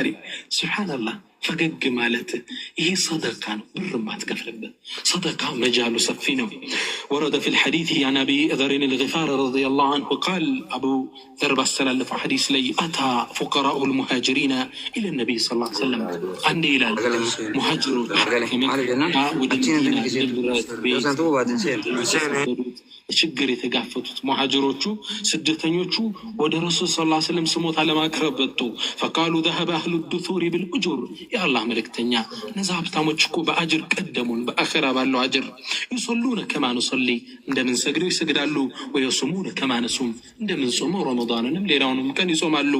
الباري سبحان الله ፈገግ ማለት ይሄ ሰደቃ ነው። ብር ማትከፍልበት ሰደቃ መጃሉ ሰፊ ነው። ወረደ ፊ ልሐዲት ያን አቢ ዘርን ልፋር ረዲየላሁ አንሁ ቃል አቡ ዘር ባስተላለፈው ሐዲስ ላይ አታ ፉቀራኡ ልሙሃጅሪና ኢለ ነቢይ ስ ሰለም አንድ ይላል ሙሃጅሮች ችግር የተጋፈጡት ሙሃጅሮቹ ስደተኞቹ ወደ ረሱል ስ ስለም ስሞታ ለማቅረብ በጡ ፈቃሉ ዘሀበ አህሉ ዱቱሪ ብልኡጁር የአላህ መልእክተኛ እነዛ ሀብታሞች እኮ በአጅር ቀደሙን፣ በአኸራ ባለው አጅር ይሶሉነ ሶሊ እንደምን እንደምንሰግደው ይሰግዳሉ፣ ወየሱሙነ ከማ እንደምን እንደምንጾመው ረመዳንንም ሌላውንም ቀን ይጾማሉ፣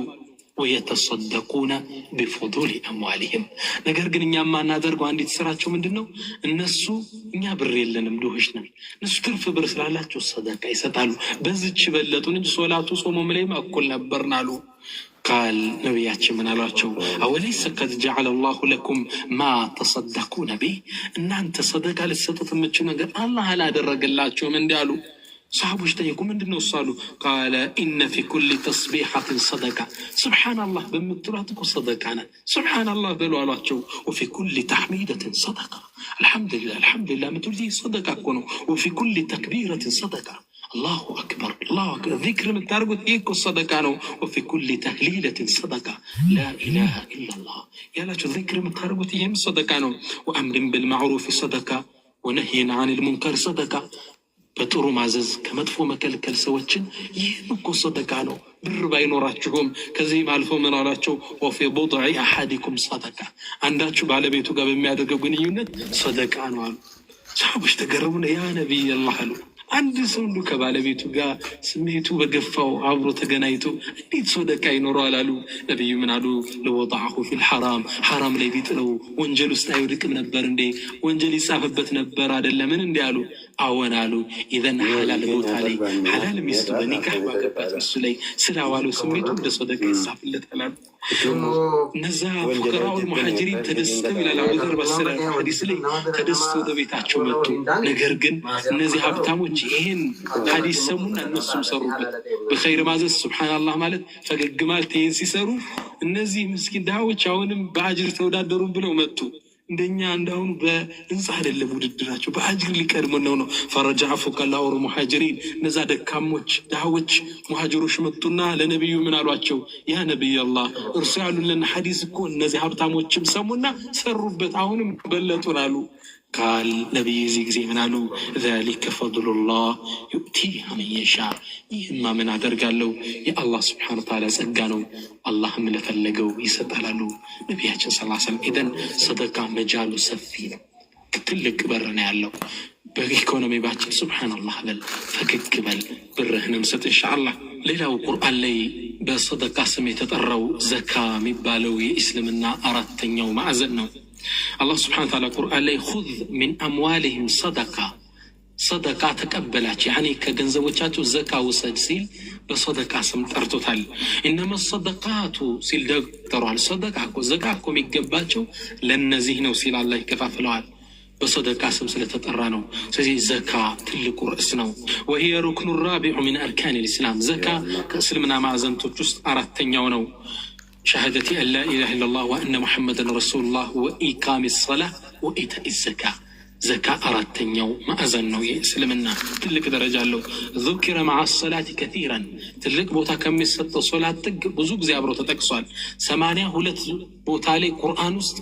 ወየተሰደቁነ ቢፉዱል አምዋሊህም። ነገር ግን እኛ የማናደርገው አንዲት ስራቸው ምንድን ነው? እነሱ እኛ ብር የለንም ድሆች ነን፣ እነሱ ትርፍ ብር ስላላቸው ሰደቃ ይሰጣሉ። በዚች በለጡን እንጂ ሶላቱ ጾሞም ላይም እኩል ነበርናሉ ቃል ነቢያችን ምን አሏቸው? አወለይሰ ቀድ ጀዐለ ላሁ ለኩም ማ ተሰደኩ ነቢ እናንተ ሰደቃ ልትሰጡት የምችሉ ነገር አላህ አላደረገላቸውም እንዲ አሉ። ሰሃቦች ጠየቁ፣ ምንድን ነው እሱ ቃለ ኢነ ፊ ኩል ተስቢሐትን ሰደቃ፣ ስብሓናላህ በምትሏት እኮ ሰደቃ ናት። ስብሓናላህ በሉ አሏቸው። ወፊ ኩል ተሕሚደትን ሰደቃ፣ አልሐምዱሊላህ አልሐምዱሊላህ ምትሉ ሰደቃ እኮ ነው። ወፊ ኩል ተክቢረትን ሰደቃ አላሁ አክበር አላሁ አክበር። ዚክር የምታደርጉት ይህ እኮ ሰደቃ ነው። ወፊ ኩል ተህሊለትን ሰደቃ ላኢላሃ ኢላላህ ያላቸው ዚክር የምታደርጉት ይህም ሰደቃ ነው። ወአምርን ብልማዕሩፍ ሰደቃ ወነህይን አኒል ሙንከር ሰደቃ፣ በጥሩ ማዘዝ ከመጥፎ መከልከል ሰዎችን ይህም እኮ ሰደቃ ነው። ብር ባይኖራችሁም ከዚህም አልፎ ምን አላቸው? ወፊ ቡድዒ አሓዲኩም ሰደቃ፣ አንዳችሁ ባለቤቱ ጋር በሚያደርገው ግንኙነት ሰደቃ ነው አሉ። ሰሓቦች ተገረሙና ያ ነቢይ አላህ አሉ አንድ ሰው ሁሉ ከባለቤቱ ጋር ስሜቱ በገፋው አብሮ ተገናኝቶ እንዴት ሰው ደቃ ይኖረዋል አሉ ነቢዩ። ምን አሉ? ለወጣሁ ፊል ሐራም ሐራም ላይ ቢጥለው ወንጀል ውስጥ አይወድቅም ነበር እንዴ? ወንጀል ይጻፍበት ነበር አደለምን? እንዲ አሉ። አወን አሉ። ኢዘን ሐላል ቦታ ላይ ሐላል ሚስቱ በኒካህ ባገባት እሱ ላይ ስላዋለው ስሜቱ እንደ ሰው ደቃ ይጻፍለታል አሉ። እነዛ ፉከራውን መሀጅሪን ተደስተው ይላል አቡዘር በሰላት ሐዲስ ላይ ተደስተው በቤታቸው መጡ። ነገር ግን እነዚህ ሀብታሞች ይህን ሐዲስ ሰሙና እነሱም ሰሩበት። በኸይር ማዘዝ ሱብሓነላህ ማለት ፈገግ ማለት ይህን ሲሰሩ እነዚህ ምስኪን ድሃዎች አሁንም በአጅር ተወዳደሩ ብለው መጡ። እንደኛ እንዳሁኑ በእንጻ አይደለም ውድድራቸው በአጅር ሊቀድመን ነው ነው ፈረጃ ፎቀላ ሙሃጅሪን እነዛ ደካሞች ዳሃዎች ሙሃጅሮች መጡና ለነቢዩ ምን አሏቸው? ያ ነቢይ አላህ እርሱ ያሉልን ሀዲስ እኮ እነዚህ ሀብታሞችም ሰሙና ሰሩበት፣ አሁንም በለጡን አሉ። ቃል ነቢይ እዚህ ጊዜ ምናሉ ዛሊከ ፈድሉላህ ዩእቲ መየሻ ይህማ ምን አደርጋለሁ የአላህ ስብሓነ ወተዓላ ጸጋ ነው፣ አላህም ለፈለገው ይሰጣላሉ። ነቢያችን ሰለላሁ ዐለይሂ ወሰለም ኢደን ሰደቃ መጃሉ ሰፊ ነው፣ ትልቅ በር ነው ያለው። በኢኮኖሚ ባችን ስብሓንላህ በል ፈገግ በል ብርህን እንሰጥ ኢንሻአላህ። ሌላው ቁርአን ላይ በሰደቃ ስም የተጠራው ዘካ የሚባለው የእስልምና አራተኛው ማዕዘን ነው። አላህ ስብሐነ ወተዓላ ቁርአን ላይ ሁዝ ሚን አምዋልህም ሰደቃ ሰደቃ ተቀበላች ያኔ ከገንዘቦቻቸው ዘካ ውሰድ ሲል በሰደቃ ስም ጠርቶታል። እነማ ሰደቃቱ ሲል ደግጠሯል። ሰደቃ እኮ ዘካ እኮ የሚገባቸው ለእነዚህ ነው ሲል አላህ ይከፋፍለዋል። በሰደቃ ስም ስለተጠራ ነው። ስለዚህ ዘካ ትልቁ ርዕስ ነው። ወሂየ ሩክኑ ራቢዑ ሚን አርካን ልእስላም ዘካ ከእስልምና ማዕዘንቶች ውስጥ አራተኛው ነው። ሸሃደቲ አላ ኢላሃ ኢለላህ ወአነ ሙሐመድን ረሱሉላህ ወኢቃሚ ሰላህ ወኢታኢ ዘካ ዘካ አራተኛው ማዕዘን ነው። የእስልምና ትልቅ ደረጃ አለው። ዙኪረ መዓ ሰላት ከቲራን ትልቅ ቦታ ከሚሰጠው ሶላት ጥግ ብዙ ጊዜ አብሮ ተጠቅሷል። ሰማንያ ሁለት ቦታ ላይ ቁርአን ውስጥ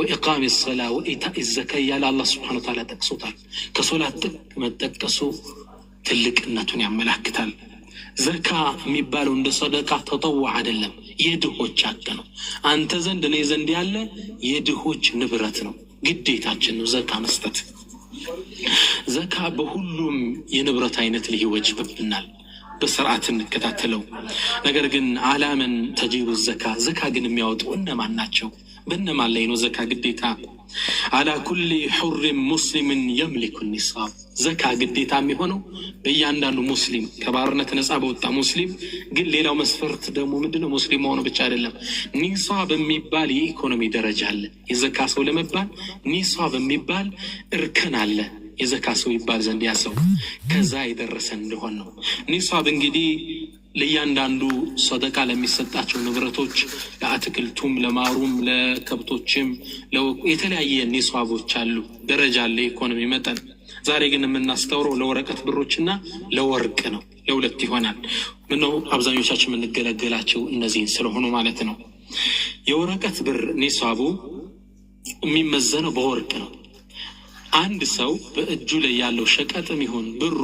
ወኢቃሚ ሰላ ወኢታኢ ዘካ እያለ አላህ ስብሐነሁ ወተዓላ ጠቅሶታል። ከሶላት ጥግ መጠቀሱ ትልቅነቱን ያመላክታል። ዘካ የሚባለው እንደ ሰደቃ ተጠዋ አይደለም፣ የድሆች ሀቅ ነው። አንተ ዘንድ እኔ ዘንድ ያለ የድሆች ንብረት ነው። ግዴታችን ነው ዘካ መስጠት። ዘካ በሁሉም የንብረት አይነት ሊወጅብብናል። በስርዓት እንከታተለው። ነገር ግን አላመን ተጂሩ ዘካ ዘካ ግን የሚያወጡ እነማን ናቸው? በእነማን ላይ ነው ዘካ ግዴታ? አላ ኩሊ ሑሪን ሙስሊምን የምሊኩ ኒሳብ ዘካ ግዴታ የሚሆነው በእያንዳንዱ ሙስሊም ከባርነት ነፃ በወጣ ሙስሊም። ግን ሌላው መስፈርት ደግሞ ምንድነው? ሙስሊም መሆኑ ብቻ አይደለም። ኒሳብ በሚባል የኢኮኖሚ ደረጃ አለ። የዘካ ሰው ለመባል ኒሷ በሚባል እርከን አለ። የዘካ ሰው ይባል ዘንድ ያ ሰው ከዛ የደረሰ እንደሆን ነው። ኒሳብ እንግዲህ ለእያንዳንዱ ሰደቃ ለሚሰጣቸው ንብረቶች ለአትክልቱም፣ ለማሩም፣ ለከብቶችም የተለያየ ኒሷቦች አሉ፣ ደረጃ አለ፣ ኢኮኖሚ መጠን። ዛሬ ግን የምናስተውረው ለወረቀት ብሮችና ለወርቅ ነው። ለሁለት ይሆናል። ምነው አብዛኞቻችን የምንገለገላቸው እነዚህን ስለሆኑ ማለት ነው። የወረቀት ብር ኒሷቡ የሚመዘነው በወርቅ ነው። አንድ ሰው በእጁ ላይ ያለው ሸቀጥም ይሁን ብሩ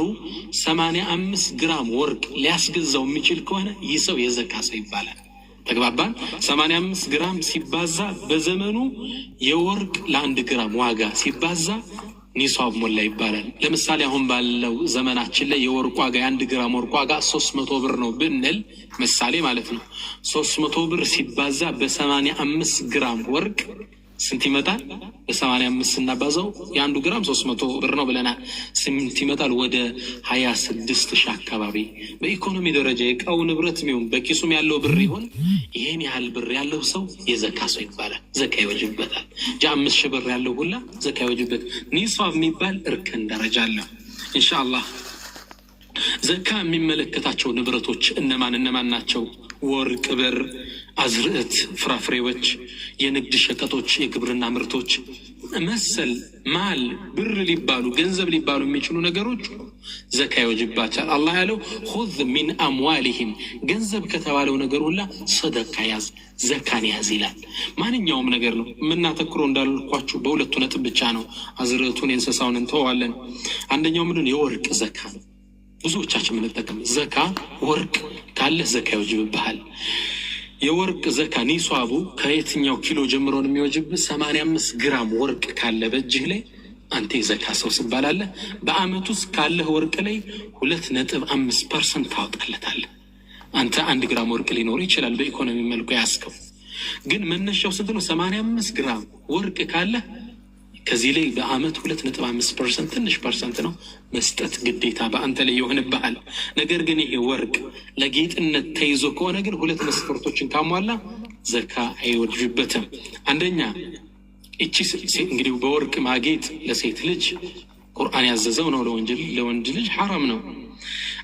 ሰማንያ አምስት ግራም ወርቅ ሊያስገዛው የሚችል ከሆነ ይህ ሰው የዘካ ሰው ይባላል። ተግባባን። ሰማንያ አምስት ግራም ሲባዛ በዘመኑ የወርቅ ለአንድ ግራም ዋጋ ሲባዛ ኒሷብ ሞላ ይባላል። ለምሳሌ አሁን ባለው ዘመናችን ላይ የወርቅ ዋጋ የአንድ ግራም ወርቅ ዋጋ ሶስት መቶ ብር ነው ብንል ምሳሌ ማለት ነው። ሶስት መቶ ብር ሲባዛ በሰማንያ አምስት ግራም ወርቅ ስንት ይመጣል? በሰማንያ አምስት ስናባዛው የአንዱ ግራም ሶስት መቶ ብር ነው ብለናል። ስንት ይመጣል? ወደ ሀያ ስድስት ሺህ አካባቢ በኢኮኖሚ ደረጃ የእቃው ንብረት ሚሆን በኪሱም ያለው ብር ይሆን ይህን ያህል ብር ያለው ሰው የዘካ ሰው ይባላል። ዘካ ይወጅበታል። ጃ አምስት ሺህ ብር ያለው ሁላ ዘካ ይወጅበት። ኒሷ የሚባል እርከን ደረጃ አለ። እንሻ አላህ ዘካ የሚመለከታቸው ንብረቶች እነማን እነማን ናቸው? ወርቅ፣ ብር፣ አዝርዕት፣ ፍራፍሬዎች፣ የንግድ ሸቀጦች፣ የግብርና ምርቶች መሰል ማል ብር ሊባሉ ገንዘብ ሊባሉ የሚችሉ ነገሮች ዘካ ይወጅባታል። አላህ ያለው ሁዝ ሚን አምዋሊሂም ገንዘብ ከተባለው ነገር ሁላ ሰደካ ያዝ፣ ዘካን ያዝ ይላል። ማንኛውም ነገር ነው የምናተኩረው እንዳልኳችሁ በሁለቱ ነጥብ ብቻ ነው። አዝርዕቱን የእንስሳውን እንተዋለን። አንደኛው ምንድን የወርቅ ዘካ ነው። ብዙዎቻችን የምንጠቀም ዘካ ወርቅ ካለ ዘካ ይወጅብብሃል። የወርቅ ዘካ ኒሷቡ ከየትኛው ኪሎ ጀምሮ ነው የሚወጅብህ? ሰማንያ አምስት ግራም ወርቅ ካለ በእጅህ ላይ አንተ የዘካ ሰው ስባላለህ። በአመት ውስጥ ካለህ ወርቅ ላይ ሁለት ነጥብ አምስት ፐርሰንት ታወጣለታለህ። አንተ አንድ ግራም ወርቅ ሊኖር ይችላል፣ በኢኮኖሚ መልኩ ያስከው ግን መነሻው ስንት ነው? ሰማንያ አምስት ግራም ወርቅ ካለህ ከዚህ ላይ በአመት ሁለት ነጥብ አምስት ፐርሰንት ትንሽ ፐርሰንት ነው መስጠት ግዴታ በአንተ ላይ ይሆንብሃል። ነገር ግን ይሄ ወርቅ ለጌጥነት ተይዞ ከሆነ ግን ሁለት መስፈርቶችን ካሟላ ዘካ አይወጅበትም። አንደኛ እቺ እንግዲህ በወርቅ ማጌጥ ለሴት ልጅ ቁርአን ያዘዘው ነው፣ ለወንድ ልጅ ሐራም ነው።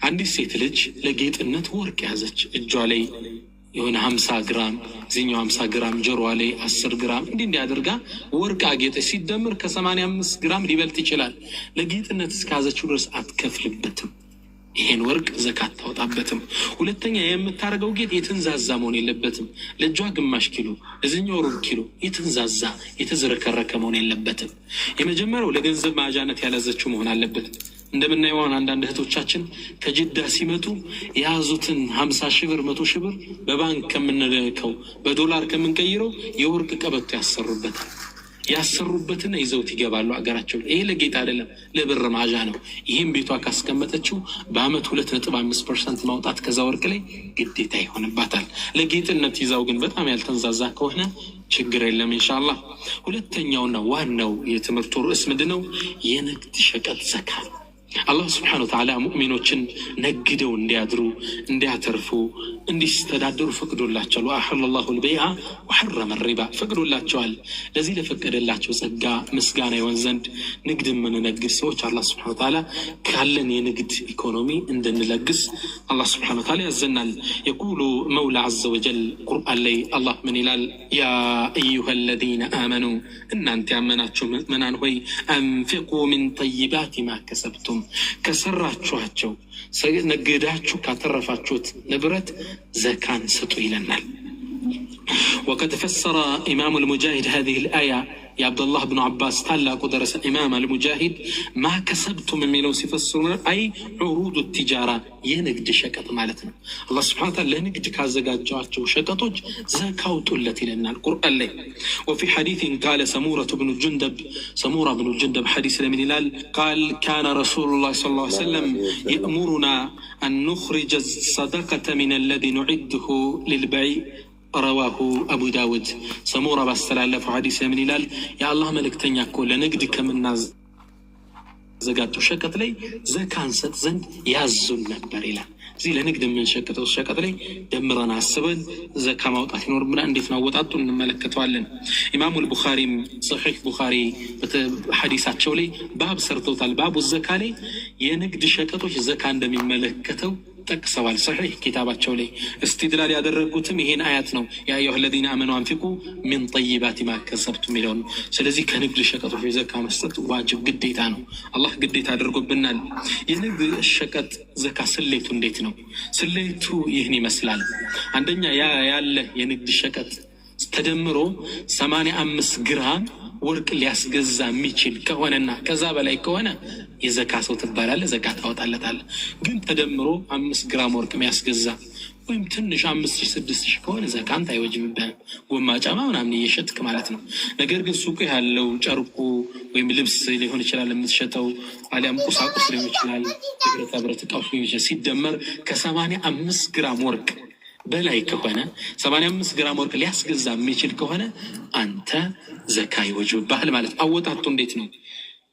አንዲት ሴት ልጅ ለጌጥነት ወርቅ ያዘች እጇ ላይ የሆነ ሀምሳ ግራም እዚኛው ሀምሳ ግራም ጆሮዋ ላይ አስር ግራም እንዲህ እንዲህ አድርጋ ወርቅ አጌጠች። ሲደምር ከሰማንያ አምስት ግራም ሊበልጥ ይችላል። ለጌጥነት እስካዘችው ድረስ አትከፍልበትም። ይሄን ወርቅ ዘካ አታወጣበትም። ሁለተኛ የምታደርገው ጌጥ የትንዛዛ መሆን የለበትም። ለእጇ ግማሽ ኪሎ፣ እዚኛው ሩብ ኪሎ፣ የተንዛዛ የተዝረከረከ መሆን የለበትም። የመጀመሪያው ለገንዘብ መያዣነት ያላዘችው መሆን አለበት። እንደምናየው አንዳንድ እህቶቻችን ከጅዳ ሲመጡ የያዙትን ሀምሳ ሺህ ብር መቶ ሺህ ብር በባንክ ከምንልከው በዶላር ከምንቀይረው የወርቅ ቀበቶ ያሰሩበታል። ያሰሩበትን ይዘውት ይገባሉ አገራቸው። ይሄ ለጌጥ አይደለም፣ ለብር ማዣ ነው። ይህም ቤቷ ካስቀመጠችው በአመት ሁለት ነጥብ አምስት ፐርሰንት ማውጣት ከዛ ወርቅ ላይ ግዴታ ይሆንባታል። ለጌጥነት ይዛው ግን በጣም ያልተንዛዛ ከሆነ ችግር የለም እንሻላ። ሁለተኛውና ዋናው የትምህርቱ ርዕስ ምንድን ነው? የንግድ ሸቀጥ ዘካ አላህ ስብሐነ ወተዓላ ሙእሚኖችን ነግደው እንዲያድሩ እንዲያተርፉ እንዲስተዳደሩ ፈቅዶላቸዋል። ወአሐለ ላሁ ልበይአ ወሐረመ ሪባ ፈቅዶላቸዋል። ለዚህ ለፈቀደላቸው ጸጋ ምስጋና ይሆን ዘንድ ንግድ የምንነግድ ሰዎች አላህ ስብሐነ ወተዓላ ካለን የንግድ ኢኮኖሚ እንድንለግስ አላህ ስብሐነ ወተዓላ ያዘናል። የቁሉ መውላ አዘ ወጀል ቁርአን ላይ አላህ ምን ይላል? ያ አዩሃ ለዚነ አመኑ እናንተ ያመናችሁ ምእመናን ሆይ አንፊቁ ሚን ጠይባት ማ ከሰብቱም ከሰራችኋቸው ነግዳችሁ ካተረፋችሁት ንብረት ዘካን ስጡ ይለናል። وقد فسر إمام المجاهد هذه الآية يا عبد الله بن عباس لا قدر إمام المجاهد ما كسبتم ميلون ሲፈስሩ أي عروض التجارة የንግድ ሸቀጥ ማለት ነው። አላህ ስብሐነ ወተዓላ كازقات جارت ሸቀጦች ዘካ አውጡለት لنا القرآن لي وفي حديث قال سمورة بن الجندب سمورة بن الجندب حديث لمن هلال قال كان رسول الله صلى الله عليه وسلم يأمرنا أن نخرج الصدقة من الذي نعده للبيع ረዋሁ አቡ ዳውድ ሰሞራ ባስተላለፈው ሀዲስ ምን ይላል? የአላህ መልእክተኛ እኮ ለንግድ ከምናዘጋጀው ሸቀጥ ላይ ዘካ እንሰጥ ዘንድ ያዙን ነበር ይላል። እዚህ ለንግድ የምንሸቅጠው ሸቀጥ ላይ ደምረን አስበን ዘካ ማውጣት ይኖርብናል። እንዴት ነው አወጣጡ እንመለከተዋለን። ኢማሙል ቡኻሪም ሰሒህ ቡኻሪ ሀዲሳቸው ላይ ባብ ሰርተውታል። ባቡ ዘካ ላይ የንግድ ሸቀጦች ዘካ እንደሚመለከተው ጠቅሰዋል። ሰሒህ ኪታባቸው ላይ እስትድላል ያደረጉትም ይሄን አያት ነው። የአየሁ ለዚነ አመኑ አንፊቁ ሚን ጠይባት ማከሰብቱ የሚለው ነው። ስለዚህ ከንግድ ሸቀጦች ዘካ መስጠት ዋጅብ ግዴታ ነው። አላህ ግዴታ አድርጎብናል። የንግድ ሸቀጥ ዘካ ስሌቱ እንዴት ነው? ስሌቱ ይህን ይመስላል። አንደኛ ያ ያለ የንግድ ሸቀጥ ተደምሮ 85 ግራም ወርቅ ሊያስገዛ የሚችል ከሆነና ከዛ በላይ ከሆነ የዘካ ሰው ትባላለ፣ ዘካ ታወጣለታለ። ግን ተደምሮ አምስት ግራም ወርቅ የሚያስገዛ ወይም ትንሽ አምስት ሺህ ስድስት ሺህ ከሆነ ዘካንት አይወጅብብህም። ጎማ ጫማ ምናምን እየሸጥክ ማለት ነው። ነገር ግን ሱቁ ያለው ጨርቁ ወይም ልብስ ሊሆን ይችላል የምትሸጠው፣ አሊያም ቁሳቁስ ሊሆን ይችላል፣ ብረታ ብረት እቃዎች ሲደመር ከሰማንያ አምስት ግራም ወርቅ በላይ ከሆነ 85 ግራም ወርቅ ሊያስገዛ የሚችል ከሆነ አንተ ወጅ ባህል ማለት። አወጣቱ እንዴት ነው?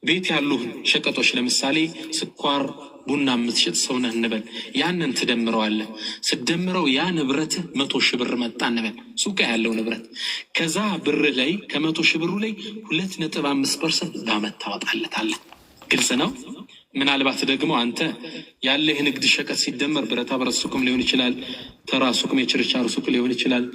ቤት ያሉ ሸቀጦች ለምሳሌ ስኳር፣ ቡና የምትሸጥ ሰውነህ እንበል። ያንን ትደምረዋለህ። ስደምረው ያ ንብረት መቶ ሺህ ብር መጣ እንበል፣ ሱቅ ያለው ንብረት። ከዛ ብር ላይ ከመቶ ሺህ ብሩ ላይ ሁለት ነጥብ አምስት ፐርሰንት በዓመት ታወጣለታለህ። ግልጽ ነው። ምናልባት ደግሞ አንተ ያለህ ንግድ ሸቀጥ ሲደመር ብረታ ብረት ሱቅም ሊሆን ይችላል፣ ተራ ሱቅም፣ የችርቻሩ ሱቅ ሊሆን ይችላል፣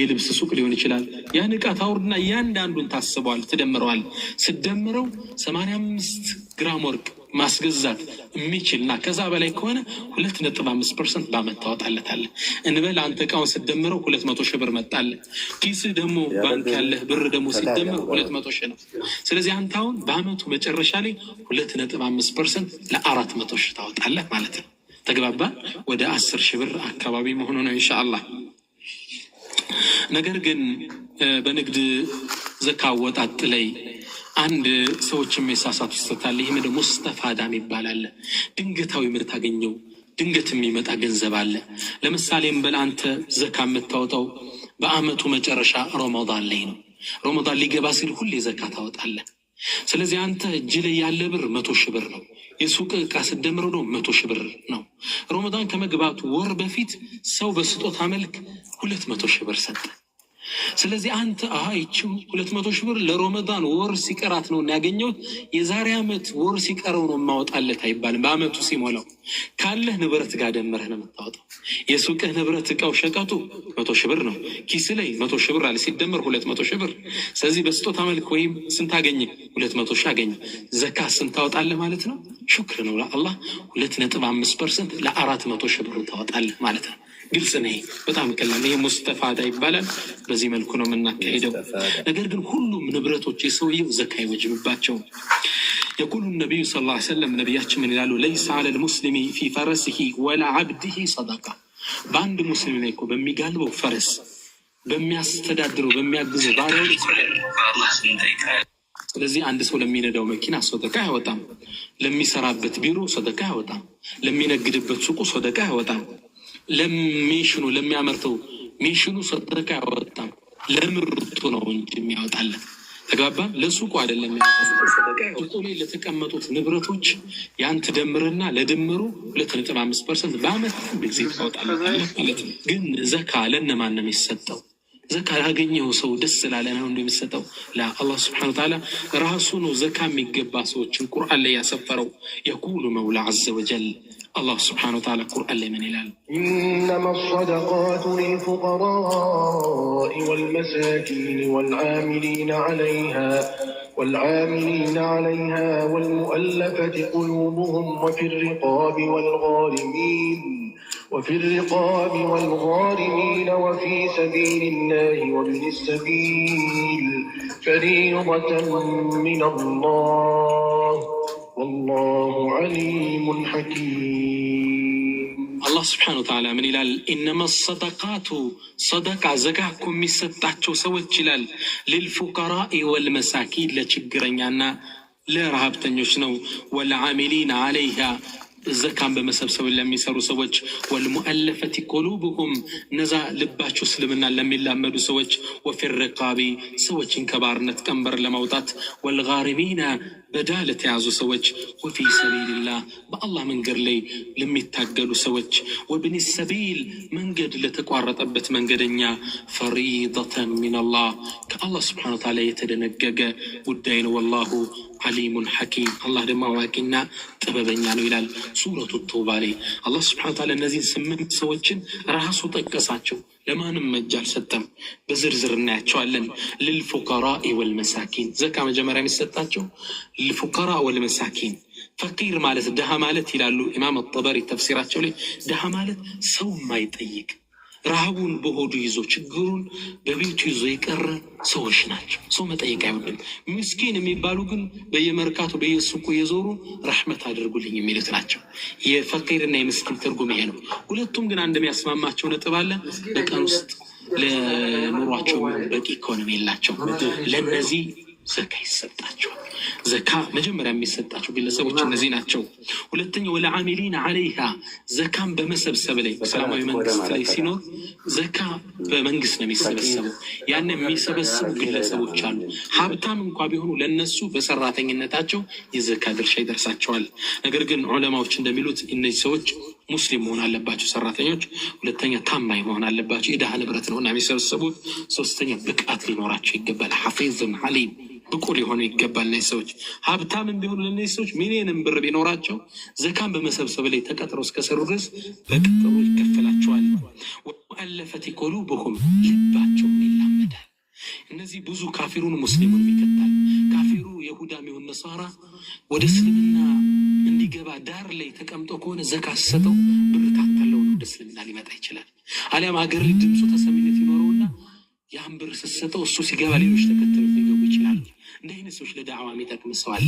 የልብስ ሱቅ ሊሆን ይችላል። ያን እቃ ታውርድና እያንዳንዱን ታስበዋል፣ ትደምረዋል። ስደምረው ሰማንያ አምስት ግራም ወርቅ ማስገዛት የሚችል እና ከዛ በላይ ከሆነ ሁለት ነጥብ አምስት ፐርሰንት በአመት ታወጣለታለህ። እንበል አንተ እቃውን ስትደምረው ሁለት መቶ ሺህ ብር መጣለህ። ኪስህ ደግሞ ባንክ ያለህ ብር ደግሞ ሲደምር ሁለት መቶ ሺህ ነው። ስለዚህ አንተ አሁን በአመቱ መጨረሻ ላይ ሁለት ነጥብ አምስት ፐርሰንት ለአራት መቶ ሺህ ታወጣለህ ማለት ነው። ተግባባ። ወደ አስር ሺህ ብር አካባቢ መሆኑ ነው ኢንሻአላህ። ነገር ግን በንግድ ዘካ አወጣጥ ላይ አንድ ሰዎች የሚሳሳቱ ይሰታል። ይህም ደግሞ ስተፋዳም ይባላል። ድንገታዊ ምርት አገኘው ድንገት የሚመጣ ገንዘብ አለ። ለምሳሌም እንበል አንተ ዘካ የምታወጣው በአመቱ መጨረሻ ሮመዳን ላይ ነው። ሮመዳን ሊገባ ሲል ሁሌ ዘካ ታወጣለህ። ስለዚህ አንተ እጅ ላይ ያለ ብር መቶ ሺህ ብር ነው። የሱቅ እቃ ስደምር ነው መቶ ሺህ ብር ነው። ሮመዳን ከመግባቱ ወር በፊት ሰው በስጦታ መልክ ሁለት መቶ ሺህ ብር ሰጠ። ስለዚህ አንተ አሀ ይችው ሁለት መቶ ሺህ ብር ለሮመዳን ወር ሲቀራት ነው ያገኘሁት የዛሬ ዓመት ወር ሲቀረው ነው የማወጣለት አይባልም። በዓመቱ ሲሞላው ካለህ ንብረት ጋር ደምረህ ነው የምታወጣው። የሱቅህ ንብረት እቃው ሸቀጡ መቶ ሺህ ብር ነው። ኪስ ላይ መቶ ሺህ ብር አለ ሲደመር ሁለት መቶ ሺህ ብር። ስለዚህ በስጦታ መልክ ወይም ስንት አገኘ? ሁለት መቶ ሺህ አገኘ። ዘካ ስንት ታወጣለህ ማለት ነው? ሹክር ነው ለአላህ። ሁለት ነጥብ አምስት ፐርሰንት ለአራት መቶ ሺህ ብር ታወጣለህ ማለት ነው። ግልጽ ነው። በጣም ቀላል። ይህ ሙስተፋዳ ይባላል። በዚህ መልኩ ነው የምናካሄደው። ነገር ግን ሁሉም ንብረቶች የሰውየው ዘካ ይወጅብባቸው። የቁሉ ነቢዩ ስ ላ ሰለም ነቢያችን ምን ይላሉ? ለይሰ አለ ልሙስሊሚ ፊ ፈረሲሂ ወላ አብድሂ ሰደቃ። በአንድ ሙስሊም ላይ እኮ በሚጋልበው ፈረስ በሚያስተዳድረው በሚያግዘው ባሪያው ስለዚህ አንድ ሰው ለሚነዳው መኪና ሰደቃ አይወጣም፣ ለሚሰራበት ቢሮ ሰደቃ አይወጣም፣ ለሚነግድበት ሱቁ ሰደቃ አይወጣም። ለሚሽኑ ለሚያመርተው ሚሽኑ ሰደቃ ያወጣም ለምርቱ ነው እንጂ የሚያወጣለን ተግባባ። ለሱቁ አይደለም። ሱቁ ላይ ለተቀመጡት ንብረቶች ያንት ደምርና ለድምሩ ሁለት ነጥብ አምስት ፐርሰንት በአመት ጊዜ ታወጣለ ማለት ነው። ግን ዘካ ለእነማን ነው የሚሰጠው? زكاة هاجني وسو دس لا لأنه عنده مستوى لا الله سبحانه وتعالى رأسه زكاة مجبا سو تشن القرآن اللي يسفره يقول مولى عز وجل الله سبحانه وتعالى القرآن اللي من إلال إنما الصدقات للفقراء والمساكين والعاملين عليها والعاملين عليها والمؤلفة قلوبهم وفي الرقاب والغارمين وفي الرقاب والغارمين وفي سبيل الله وابن السبيل فريضة من الله والله عليم حكيم الله سبحانه وتعالى من إلال إنما الصدقات صدقة زكاكم كمي ستاتشو سوى الجلال للفقراء والمساكين لا رهبتن يشنو والعاملين عليها ዘካም በመሰብሰብ ለሚሰሩ ሰዎች ወልሙአለፈቲ ቁሉብሁም እነዛ ልባቸው እስልምና ለሚላመዱ ሰዎች ወፊ ሰዎችን ከባርነት ቀንበር ለማውጣት ወልጋሪሚና በዳ ለተያዙ ሰዎች ወፊ ሰቢልላ በአላህ መንገድ ላይ ለሚታገሉ ሰዎች ወብኒ ሰቢል መንገድ ለተቋረጠበት መንገደኛ ፈሪደተን ሚንላህ ከአላህ ስብሐነ ወተዓላ የተደነገገ ጉዳይ ነው። ወላሁ አሊሙን ሐኪም አላህ ደግሞ አዋቂና ጥበበኛ ነው ይላል ሱረቱ ተውባ ላይ አላህ ስብሐነ ወተዓላ እነዚህን ስምንት ሰዎችን ራሱ ጠቀሳቸው ለማንም መጃ አልሰጠም በዝርዝር እናያቸዋለን ልልፉቀራ ወልመሳኪን ዘካ መጀመሪያ የሚሰጣቸው ልፉቀራ ወልመሳኪን ፈቂር ማለት ድሃ ማለት ይላሉ ኢማም አጠበሪ ተፍሲራቸው ላይ ድሃ ማለት ሰው ማይጠይቅ ረሃቡን በሆዱ ይዞ ችግሩን በቤቱ ይዞ የቀረ ሰዎች ናቸው። ሰው መጠየቅ አይወድም። ምስኪን የሚባሉ ግን በየመርካቱ በየሱቁ የዞሩ ረሕመት አድርጉልኝ የሚሉት ናቸው። የፈቂርና የምስኪን ትርጉም ይሄ ነው። ሁለቱም ግን አንድ የሚያስማማቸው ነጥብ አለ። በቀን ውስጥ ለኑሯቸው በቂ ኢኮኖሚ የላቸው። ለእነዚህ ዘካ ይሰጣቸዋል። ዘካ መጀመሪያ የሚሰጣቸው ግለሰቦች እነዚህ ናቸው። ሁለተኛ ወለአሚሊን አለይሃ ዘካን በመሰብሰብ ላይ በሰላማዊ መንግስት ላይ ሲኖር ዘካ በመንግስት ነው የሚሰበሰበው። ያን የሚሰበስቡ ግለሰቦች አሉ። ሀብታም እንኳ ቢሆኑ ለነሱ በሰራተኝነታቸው የዘካ ድርሻ ይደርሳቸዋል። ነገር ግን ዑለማዎች እንደሚሉት እነዚህ ሰዎች ሙስሊም መሆን አለባቸው ሰራተኞች። ሁለተኛ ታማኝ መሆን አለባቸው። የድሃ ንብረት ነውና የሚሰበሰቡት። ሶስተኛ ብቃት ሊኖራቸው ይገባል። ሐፊዝን አሊም ብቁ ሊሆኑ ይገባል። እነዚህ ሰዎች ሀብታም ቢሆኑ ለእነዚህ ሰዎች ሚሊየንም ብር ቢኖራቸው ዘካን በመሰብሰብ ላይ ተቀጥረው እስከሰሩ ድረስ በቅጥሩ ይከፈላቸዋል። ወአለፈት ቁሉብሁም ልባቸው ይላመዳል። እነዚህ ብዙ ካፊሩን ሙስሊሙን ይከታል። ካፊሩ የሁዳ ሚሆን ነሳራ ወደ እስልምና እንዲገባ ዳር ላይ ተቀምጦ ከሆነ ዘካ ሰጠው ብር ካታለው ወደ እስልምና ሊመጣ ይችላል። አሊያም ሀገር ላይ ድምፁ ተሰሚነት ያን ብር ስትሰጠው እሱ ሲገባ ሌሎች ተከተሉ ሊገቡ ይችላሉ። እንደ አይነት ሰዎች ለዳዕዋ የሚጠቅም ሰው አለ።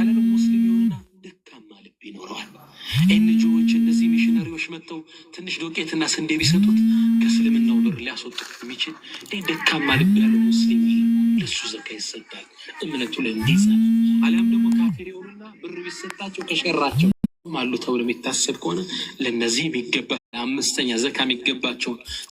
አለም ሙስሊም የሆነና ደካማ ልብ ይኖረዋል። ኤንጂኦዎች እነዚህ ሚሽነሪዎች መጥተው ትንሽ ዶቄትና ስንዴ ቢሰጡት ከእስልምናው ብር ሊያስወጡ የሚችል እንደ ደካማ ልብ ያለ ሙስሊም ለሱ ዘካ ይሰጣል፣ እምነቱ ላይ እንዲጸና። አሊያም ደግሞ ካፌር የሆኑና ብር ቢሰጣቸው ከሸራቸው አሉ ተብሎ የሚታሰብ ከሆነ ለእነዚህ የሚገባ አምስተኛ ዘካ የሚገባቸውን